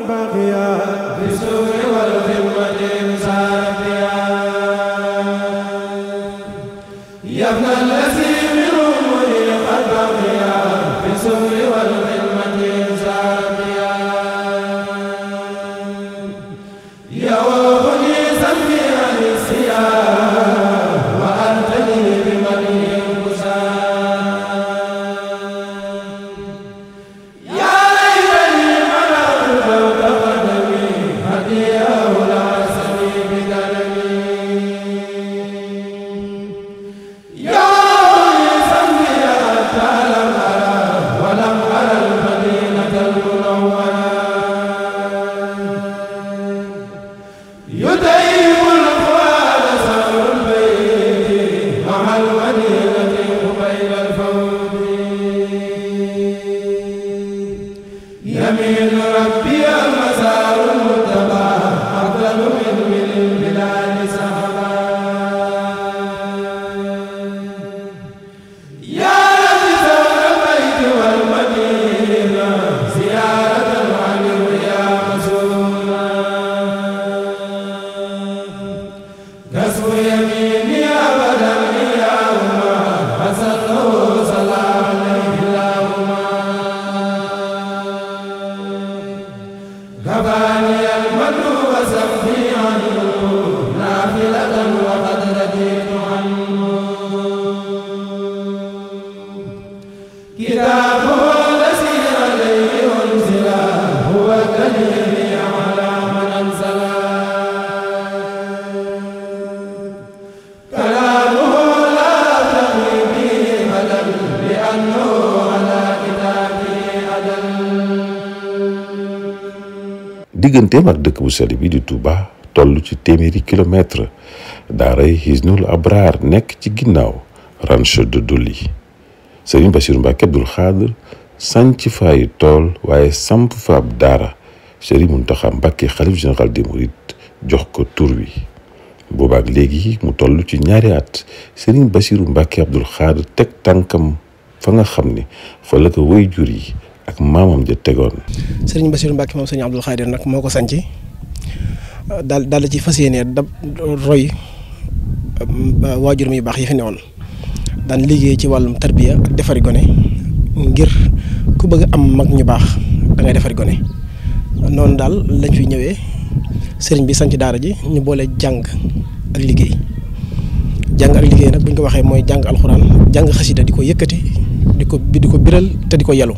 بغيا بالسوء والخدمة مساء digganteem ak dëkk bu sell bi di Touba toll ci téeméeri kilomètre daaray Hisnul Abraar nekk ci ginnaaw rancho de Dolly Serigne Bassirou Mbacké Abdoul Khadr sanc faayu tool waaye samp faab daara Serigne Mountakha Mbacké xalif général des Mourides jox ko tur wi boobaak léegi mu toll ci ñaari at Serigne Bassirou Mbacké teg tànkam fa nga xam ne fa la ko jur yi ak maamam ja tegoon. Serigne Bassirou Mbacké nag moo ko sànci dal daal ci fas yéene dab roy waajur mi baax yi fi newoon daan liggéey ci wàllum tarbiya ak defari gone ngir ku bëgg am mag ñu baax dangay ngay defari gone. noonu daal lañ fi ñëwee sëriñ bi sanc daara ji ñu boole jàng ak liggéey jàng ak liggéey nag bu ñu ko waxee mooy jàng alxuraan jàng xasida di ko yëkkati di ko bi di ko biral te di ko yalu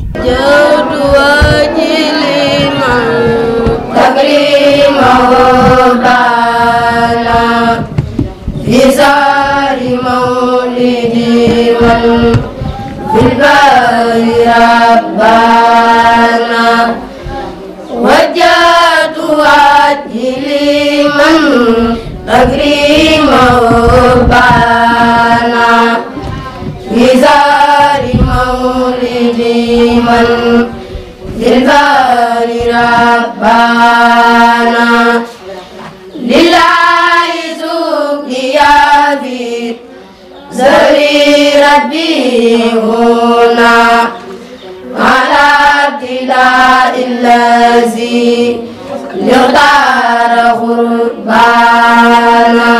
ربنا وجهت وجهي لمن أكرمه بانا بزار مولدي من للبار ربانا لله سقيا في زري ربي هنا إله إلا الذي يختار قربانا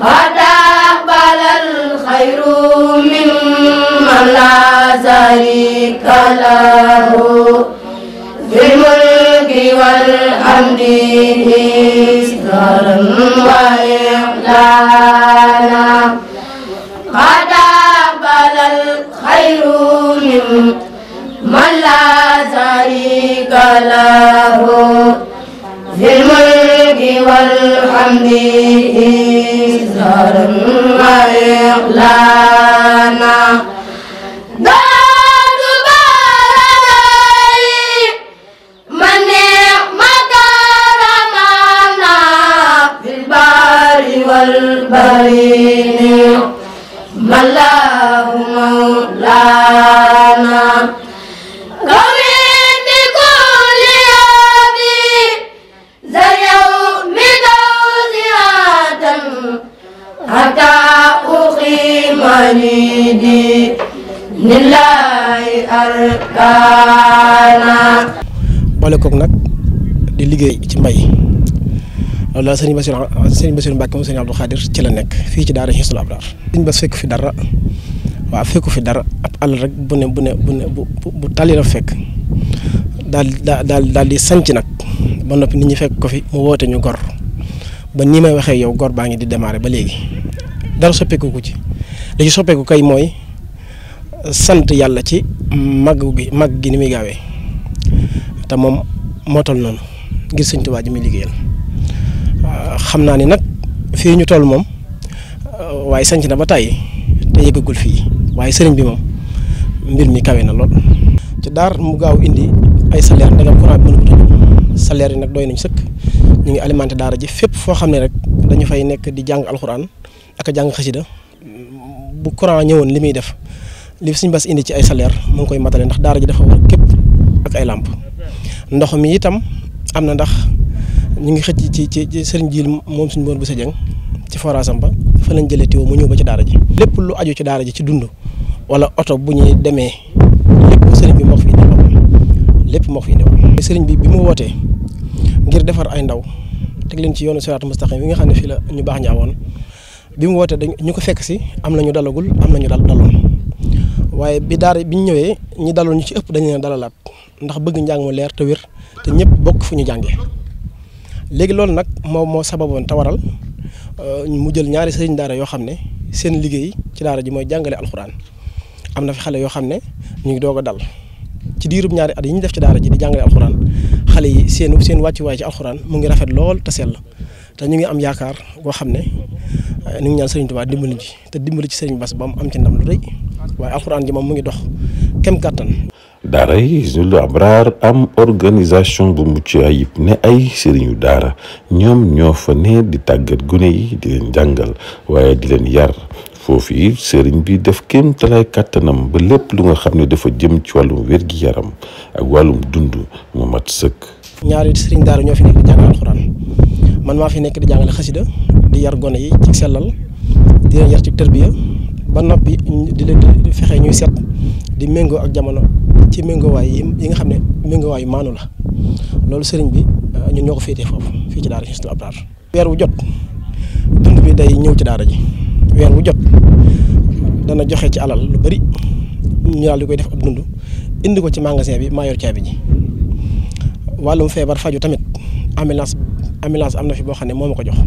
وتقبل الخير ممن لا شريك له في الملك والحمد إصرارا وإعلانا وتقبل الخير من لا شريك له في الملك والحمد إزهر وإعلانا والبرين ما الله مولانا حتى أقيم لدين الله أركانا boole kook nag di liggéey ci mbay loolu la sëñ Bassirou sëñ Bassirou Mbacke moom sëñ Abdou Khadir ci la nekk fii ci daara Hisnul Abrar sëñ Bass fekku fi dara waaw fekku fi dara ab àll rek bu ne bu ne bu bu bu tali la fekk dal daal daal di sanc nag ba noppi nit ñi fekk ko fi mu woote ñu gor ba nii may waxee yow gor baa ngi di démarrer ba léegi dara soppeeku ko ci li soppeeku kay mooy sant yàlla ci màgg gi mag gi ni muy gaawee te moom mootal noonu ngir sëñ Tuubaa ji muy liggéeyal xam naa ni nag fii ñu toll moom waaye sanc na ba tàyyi te yëggagul fii waaye sëriñ bi moom mbir mi kawe na lool. ci daar mu gaaw indi ay salaire ndegam courant bi mënu ko salaire yi nag dooy nañ sëkk ñu ngi alimente daara ji fépp foo xam ne rek dañu fay nekk di jàng alxuraan ak a jàng xasida bu courant ñëwoon li muy def li suñ bas indi ci ay salaire mu ngi koy matale ndax daara ji dafa war képp ak ay làmp ndox mi itam am na ndax ñu ngi xëcc ci ci ci sëriñ jiil moom suñ boor bu sa jëng ci forasam ba fa lañ jëlee tiwo mu ñëw ba ci daara ji lépp lu aju ci daara ji ci dund wala oto bu ñuy demee lépp sëriñ bi lépp moo fi ñëw. sëriñ bi bi mu wootee ngir defar ay ndaw teg leen ci yoonu siraatu mustaqim yi nga xam ne fi la ñu baax ñaawoon bi mu wootee dañ ñu ko fekk si am na ñu dalagul am na ñu dal daloon waaye bi daara bi ñu ñëwee ñi daloon ñu ci ëpp dañu leen dalalaat ndax bëgg njàng mu leer te wér te ñëpp bokk fu ñu jànge léegi loolu nag moom moo sababoon tawaral waral euh, mu jël ñaari sëriñ daara yoo xam ne seen liggéey ci daara ji mooy jàngale alxuraan am na fi xale yoo xam ne ñu ngi doog a dal. ci diirub ñaari at yi ñu def ci daara ji di jàngale alxuraan xale yi seen seen wàccuwaay ci alxuraan mu ngi rafet lool te sell te ñu ngi am yaakaar goo xam ne eh, ñu ngi ñaan sëriñ Tuubaa dimbali ji te dimbali ci sëriñ Bass ba mu am ci ndam lu rëy waaye alxuraan ji moom mu ngi dox kem kàttan daara yi Hizbul Abraar am organisation bu mucc ayib ne ay sëriñu daara ñoom ñoo fa ne di tàggat gune yi di leen jàngal waaye di leen yar foofu yi sëriñ bi def kéem talaay kàttanam ba lépp lu nga xam ne dafa jëm ci wàllum wér-gi-yaram ak wàllum dund mu mat sëkk. ñaari sëriñ daara ñoo fi nekk di jàngal alxuraan man maa fi nekk di jàngale xasida di yar gone yi ci sellal di leen yar ci tërbiya ba noppi di leen fexe ñuy set di méngoo ak jamono ci méngoowaay yi nga xam ne méngoowaay maanu la loolu sëriñ bi ah, ñun ñoo ko féetee foofu fii ci daara Hizbut Abrar weer wu jot dund bi day ñëw ci daara ji. weer wu jot dana joxe ci alal lu bari ñu daal di koy def ab dund indi ko ci magasin bi maa yor caabi ji wàllum feebar faju tamit ambulance ambulance am na fi boo xam ne moo ma ko jox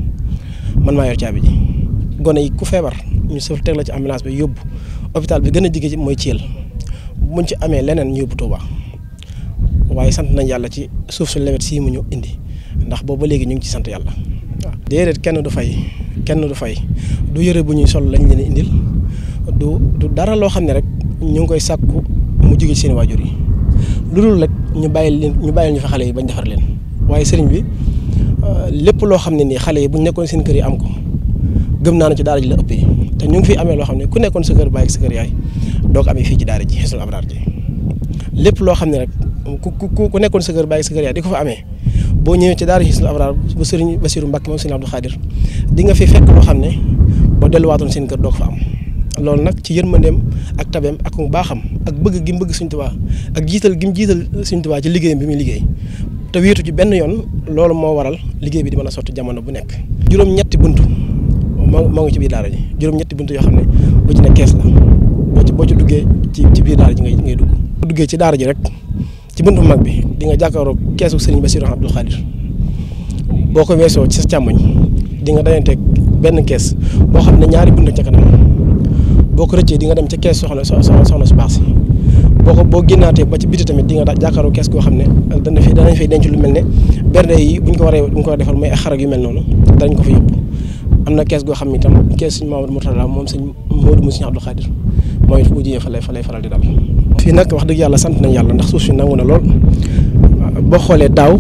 man maa yor caabi ji gone yi ku feebar ñu sëf teg la ci ambulance bi yóbbu hôpital bi gën a jege mooy Thiel buñ ci amee leneen ñu yóbbu Touba waaye sant nañ yàlla ci suuf su lewet sii mu ñu indi ndax boobu léegi ñu ngi ci sant yàlla déedéet kenn du fay. kenn du fay du yëre bu ñuy sol lañ leen indil du du dara loo xam ne rek ñu ngi koy sàkku mu jóge seen waajur yi lu loolu rek ñu bàyyi leen ñu bàyyi ñu fa xale yi bañ defar leen waaye sëriñ bi euh, lépp loo xam ne nii xale yi bu nekkoon seen kër yi am ko gëm naa ne ci daara la ëppee te ñu ngi fi amee loo xam ne ku nekkoon sa kër bàyyi sa kër yaay doo ko amee fii ci daara ji Hizbul Abraar ji lépp loo xam ne rek ku ku ku nekkoon sa kër bàyyi sa kër yaay di ko fa amee boo ñëwee ci daara Hizbul Abraar bu sëriñ Basiru Mbàkke moom sëriñ Abdou Khadir di nga fi fekk loo xam ne boo delluwaatoon seen kër doog fa am loolu nag ci yërmandeem ak tabeem ak mu baaxam ak bëgg gi mu bëgg Sëriñ Tuubaa ak jiital gi mu jiital Sëriñ Tuubaa ci liggéeyam bi muy liggéey te wéetu ci benn yoon loolu moo waral liggéey bi di mën a sotti jamono bu nekk juróom-ñetti bunt moo moo ngi ci biir daara ji juróom-ñetti bunt yoo xam ne bu ci ne kees la boo ci duggee ci ci biir daara ji ngay ngay dugg duggee ci daara ji rek ci bunt buntu mag bi di nga jàkkaaroo keesu sëriñ Bassirou Abdou Khadir boo ko weesoo ci sa càmmoñ di nga dajanteeg benn kees boo xam ne ñaari bunt ca kanam boo ko rëccee di nga dem ca kees soxla soxna su baax si boo ko boo génnaatee ba ci biti tamit di nga jàkkaaroo kees goo xam ne dana fi danañ fay denc lu mel ne bernde yi buñ ko waree bu ñu ko war defar mooy ay xarag yu mel noonu danañ ko fa yóbbu am na kees goo xam ne itam kees suñu Mamadou Mourtala moom sëñ Modou Moussa Abdou Khadir mooy boo jiyee fa faral di dal. fii nag wax dëgg yàlla sant nañ yàlla ndax suuf si nangu na lool boo xoolee daaw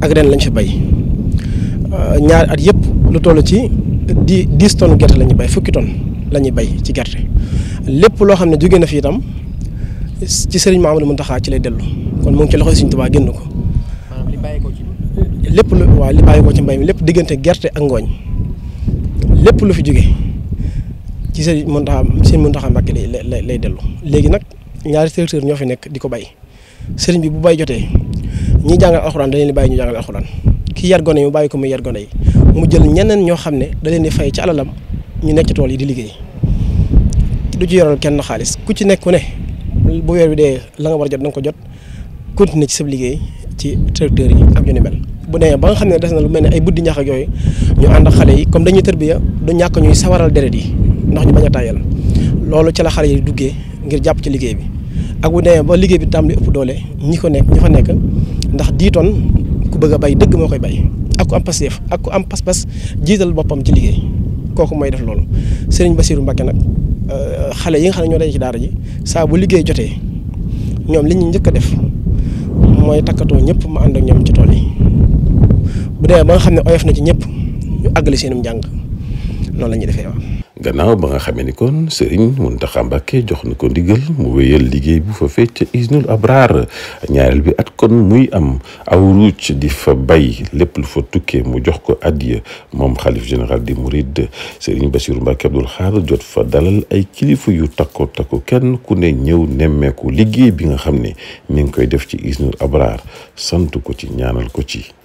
ak ren lañ fi bay ñaari at yëpp lu toll ci di dix tonnes gerte la bay fukki tonnes la ñuy bay ci gerte lépp loo xam ne jóge na fi itam ci sëriñ mun taxaa ci lay dellu kon mu ci loxo loxoy Sëriñ Tuubaa génn ko. li bàyyi ko lépp lu waaw li bàyyi ko ci mbay mi lépp diggante gerte ak ngooñ lépp lu fi jóge ci sëriñ Mountakha sëriñ Mountakha Mbacké lay lay dellu léegi nag ñaari secteur ñoo fi nekk di ko bay sëriñ bi bu bay jotee ñi jàngal alxuraan da leen di bàyyi ñu jàngal alxuraan ki yar gone yi mu bàyyi ko muy yar gone yi mu jël ñeneen ñoo xam ne da leen di fay ci alalam ñu nekk ci tool yi di liggéey du ci yoral kenn xaalis ku ci nekk ku ne bu weer bi dee la nga war jot da ko jot continuer ci sa liggéey ci tracteurs yi ak ñu ni mel. bu demee ba nga xam ne des na lu mel ne ay buddi ñax ak yooyu ñu yi comme dañuy tërbiya du ñàkk ñuy sawaral deret yi ndax ñu bañ a tàyyal loolu ci la xale yi duggee ngir jàpp ci liggéey bi ak bu demee ba liggéey bi tàmbali ëpp doole ñi ko nekk ñi fa nekk ndax diitoon ku bëgg bay dëgg moo koy bay ak ku am passeef ak ku am pas-pas jiital boppam ci liggéey kooku mooy def loolu Serigne Bassirou mbakke nag euh, xale yi nga xam ne ñoo daje ci daara ji saa bu liggéey jotee ñoom li ñu njëkk a def mooy takkatoo ñëpp ma ànd ak ci tool yi bu demee ba nga xam ne oyof na ci ñëpp ñu àggale seenum njàng loolu lañuy defee waaw gannaaw ba nga xamee ni kon Serigne Mountakha Mbacké jox nu ko ndigal mu wéyal liggéey bu fa fecc isnu Hisnul Abrar ñaareel bi at kon muy am aw ruuc di fa bay lépp lu fa tukkee mu jox ko addiya moom xalif général di Mouride Serigne Bassirou Mbacké Abdoul Khadr jot fa dalal ay kilifa yu takko takko kenn ku ne ñëw nemmeeku liggéey bi nga xam ne mi ngi koy def ci Hisnul Abrar santu ko ci ñaanal ko ci.